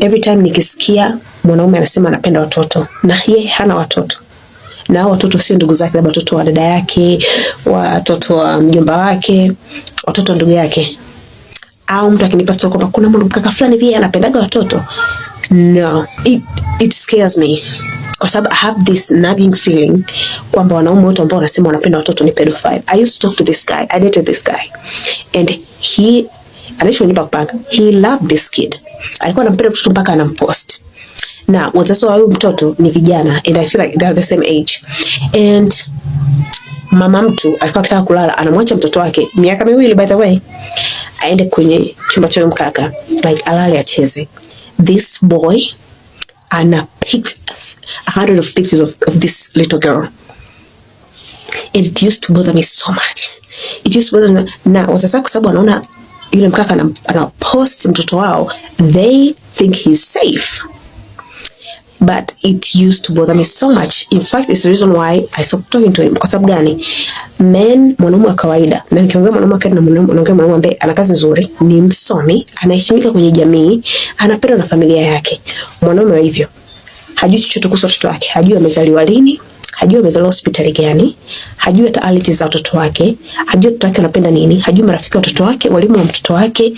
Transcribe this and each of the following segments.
every time nikisikia mwanaume anasema anapenda watoto na yeye hana watoto na hao watoto sio ndugu zake, labda watoto wa dada yake, watoto wa mjomba wake, watoto wa ndugu yake, au mtu akinipa story kwamba kuna mwanamkaka fulani pia anapendaga watoto no, it, it scares me kwa sababu I have this nagging feeling kwamba wanaume wote ambao wanasema wanapenda watoto ni pedophile. I used to talk to this guy, I dated this guy and he anaishi nyumba kupanga. He loved this kid, alikuwa anampenda mtoto mpaka anampost, na wazazi wa huyu mtoto ni vijana and I feel like they are the same age and mama mtu alikuwa akitaka kulala, anamwacha mtoto wake miaka miwili, by the way, aende kwenye chumba cha mkaka like alale acheze. This boy ana picked a hundred of pictures of, of this little girl and it used to bother me so much, it used to bother me. na wazazi wake, kwa sababu anaona yule mkaka anapost mtoto wao, they think he's safe but it used to bother me so much. In fact, it's the reason why I stopped talking to him. Kwa sababu gani? Men, mwanaume wa kawaida, na nikiongea mwanaume wa kawaida na mwanaume mwanaume ambaye ana kazi nzuri, ni msomi, anaheshimika kwenye jamii, anapendwa na familia yake. Mwanaume wa hivyo hajui chochote kuhusu watoto wake, hajui amezaliwa lini, hajui amezaliwa hospitali gani, hajui hata allergies za watoto wake, hajui watoto wake wanapenda nini, hajui marafiki wa watoto wake, walimu wa mtoto wake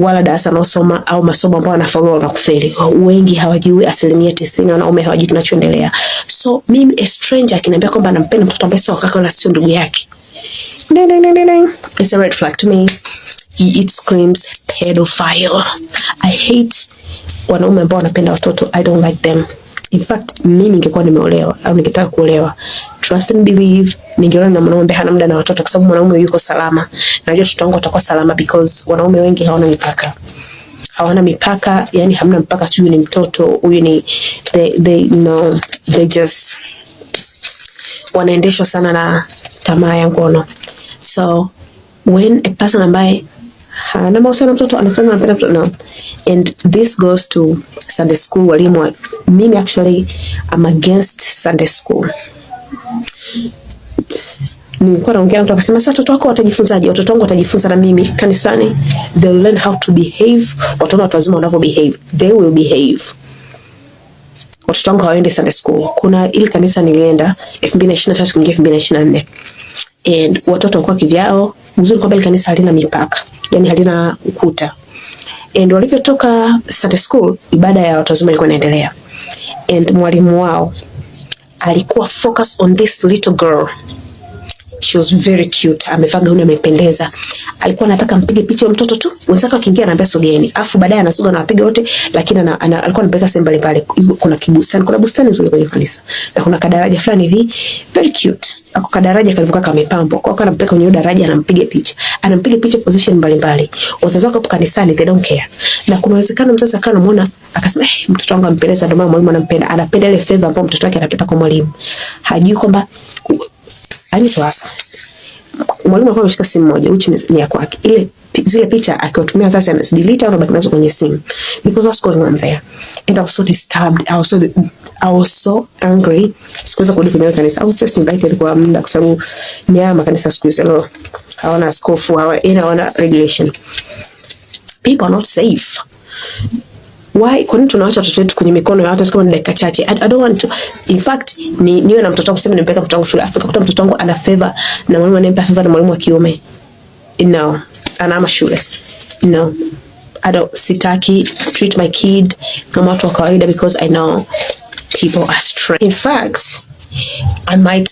wala darasa anaosoma au masomo ambayo anafaulu na kufeli. Wengi hawajui, asilimia tisini wanaume hawajui tunachoendelea. So mimi a stranger akiniambia kwamba anampenda mtoto ambaye sio kaka wala sio ndugu yake, it's a red flag to me, it screams pedophile. I hate wanaume ambao wanapenda watoto, I don't like them. In fact mimi ningekuwa nimeolewa au ningetaka kuolewa, trust and believe, ningeona na mwanaume hana muda na watoto, kwa sababu mwanaume yuko salama. Najua watoto wangu watakuwa salama because wanaume wengi hawana mipaka hawana mipaka, yani hamna mpaka, sijui ni mtoto huyu ni they, they, no, they just wanaendeshwa sana na tamaa ya ngono. So when a person ambaye hana Ha, na mahusiano mtoto anasema anapenda mtoto no. And this goes to Sunday school walimu wa, mimi actually I'm against Sunday school. Nilikuwa naongea na mtu akasema sasa watoto wako watajifunzaje? Watoto wangu watajifunza na mimi kanisani. They will learn how to behave. Wataona watu wazima wanavyo behave. They will behave. Watoto wangu hawaende Sunday school. Kuna ile kanisa nilienda 2023 kuingia 2024. And watoto walikuwa kivyao. mzuri kwamba ile kanisa halina mipaka yani halina ukuta. And walivyotoka Sunday school, ibada ya watu wazima ilikuwa inaendelea, and mwalimu wao alikuwa focus on this little girl. She was very cute, amevaa gauni amependeza, alikuwa anataka mpige picha mtoto tu, wenzake wakiingia anaambia sogeni, afu baadaye anasoga na wapiga wote, lakini ana, ana, alikuwa anapeleka sehemu mbalimbali. Kuna kibustani, kuna bustani nzuri kwenye kanisa na kuna kadaraja fulani hivi very cute, ako kadaraja kalivyokaa kamepambwa, kwa hiyo anampeleka kwenye daraja, anampiga picha, anampiga picha position mbalimbali. Wazazi wake kanisani they don't care, na kuna uwezekano mzazi akawa anamuona akasema, hey, eh, mtoto wangu ampendeza, ndio maana mwalimu anampenda, anapenda ile favor ambayo mtoto wake anapata kwa mwalimu, hajui kwamba I need to mwalimu alikuwa ameshika simu moja which means ni ya kwake. Ile zile picha akiwatumia sasa amezidelete au anabaki nazo kwenye simu because what's going on there and I was so disturbed I was so I was so angry. Sikuweza kurudi kwenye kanisa. I was just invited kwa muda kwa sababu ni haya makanisa siku hizo leo hawana askofu hawana regulation. People are not safe why, kwa nini tunaacha watoto wetu kwenye mikono ya watu kama ni dakika chache? I, I don't want to in fact ni niwe na mtoto wangu sema nimpeleka mtoto wangu shule afu nikakuta mtoto wangu ana favor na mwalimu anayempa favor na mwalimu wa kiume no, anaama shule no I don't, sitaki treat my kid kama watu wa kawaida because I know people are strange. In fact, I might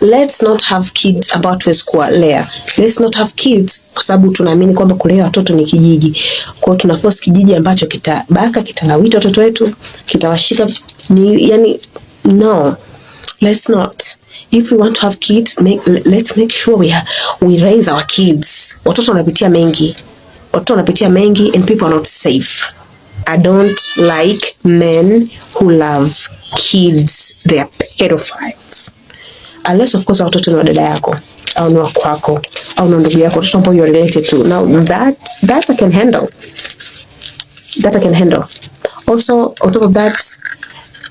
let's not have kids ambao tuwezi kuwalea. Let's not have kids kwa sababu tunaamini kwamba kulea watoto ni kijiji. kwao tuna force kijiji ambacho kitabaka, kitalawita watoto wetu, kitawashika ni yani, no. Let's not. If we want to have kids, make, let's make sure we, ha, we raise our kids. Watoto wanapitia mengi. Watoto wanapitia mengi and people are not safe. I don't like men who love kids. They are pedophile unless of course watoto ni wa dada yako au ni wa kwako au na ndugu yako, watoto ambao you are related to. Now that that I can handle, that I can handle. Also on top of that,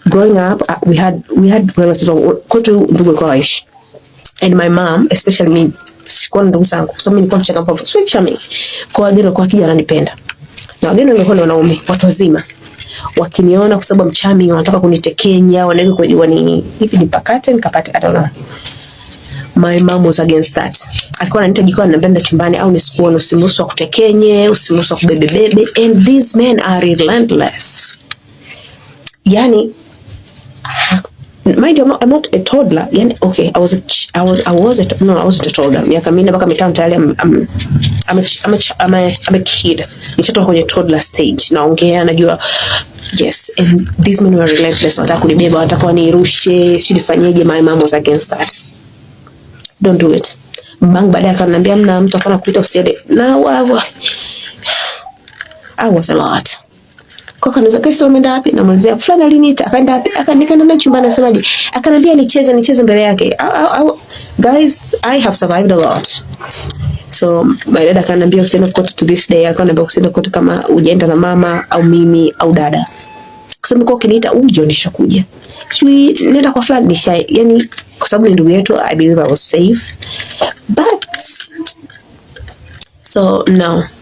growing up uh, we had we had relatives kwetu, ndugu walikuwa waishi, and my mom especially me, sikuwa na ndugu zangu kwa sababu mimi nilikuwa mchangamfu, sweet charming, kwa wageni walikuwa wakija wananipenda, na wageni wangekuwa ni wanaume, watu wazima wakiniona kwa sababu mchami wanataka kunitekenya, wanaweka kwa jua ni hivi nipakate nikapate, I don't know. My mom was against that. Alikuwa ananiita jikoni, ananiambia chumbani au nisikuone, usimuruhusu akutekenye, usimuruhusu akubebe bebe. And these men are relentless. Yani mind you, I'm not, a toddler. Yani, okay, I was a I was I was a, no, I wasn't a toddler. Miaka minne mpaka mitano tayari I'm I'm I'm a, I'm a, I'm a, I'm a kid. Nishatoka kwenye toddler stage. Naongea najua Yes, and these men were relentless. Wanataka kunibeba, wanataka wanirushe, sijui nifanyeje. My mom was against that. Don't do it. Bang, baadaye akaniambia mna mtu akaona kuita usiende. Na I was a lot kwa kanaweza Kristo ameenda wapi? Namuulizia fulani aliniita, akaenda wapi? Akanikana na chumba Akaniambia nicheze nicheze mbele yake. Guys, I have survived a lot. So my dad akaniambia usiende to this day. usiende kama na mama au mimi au dada. Kusema kwa kiniita uje nishakuja. nenda kwa fulani nisha, kwa sababu ni ndugu yetu, I believe I was safe. But so no.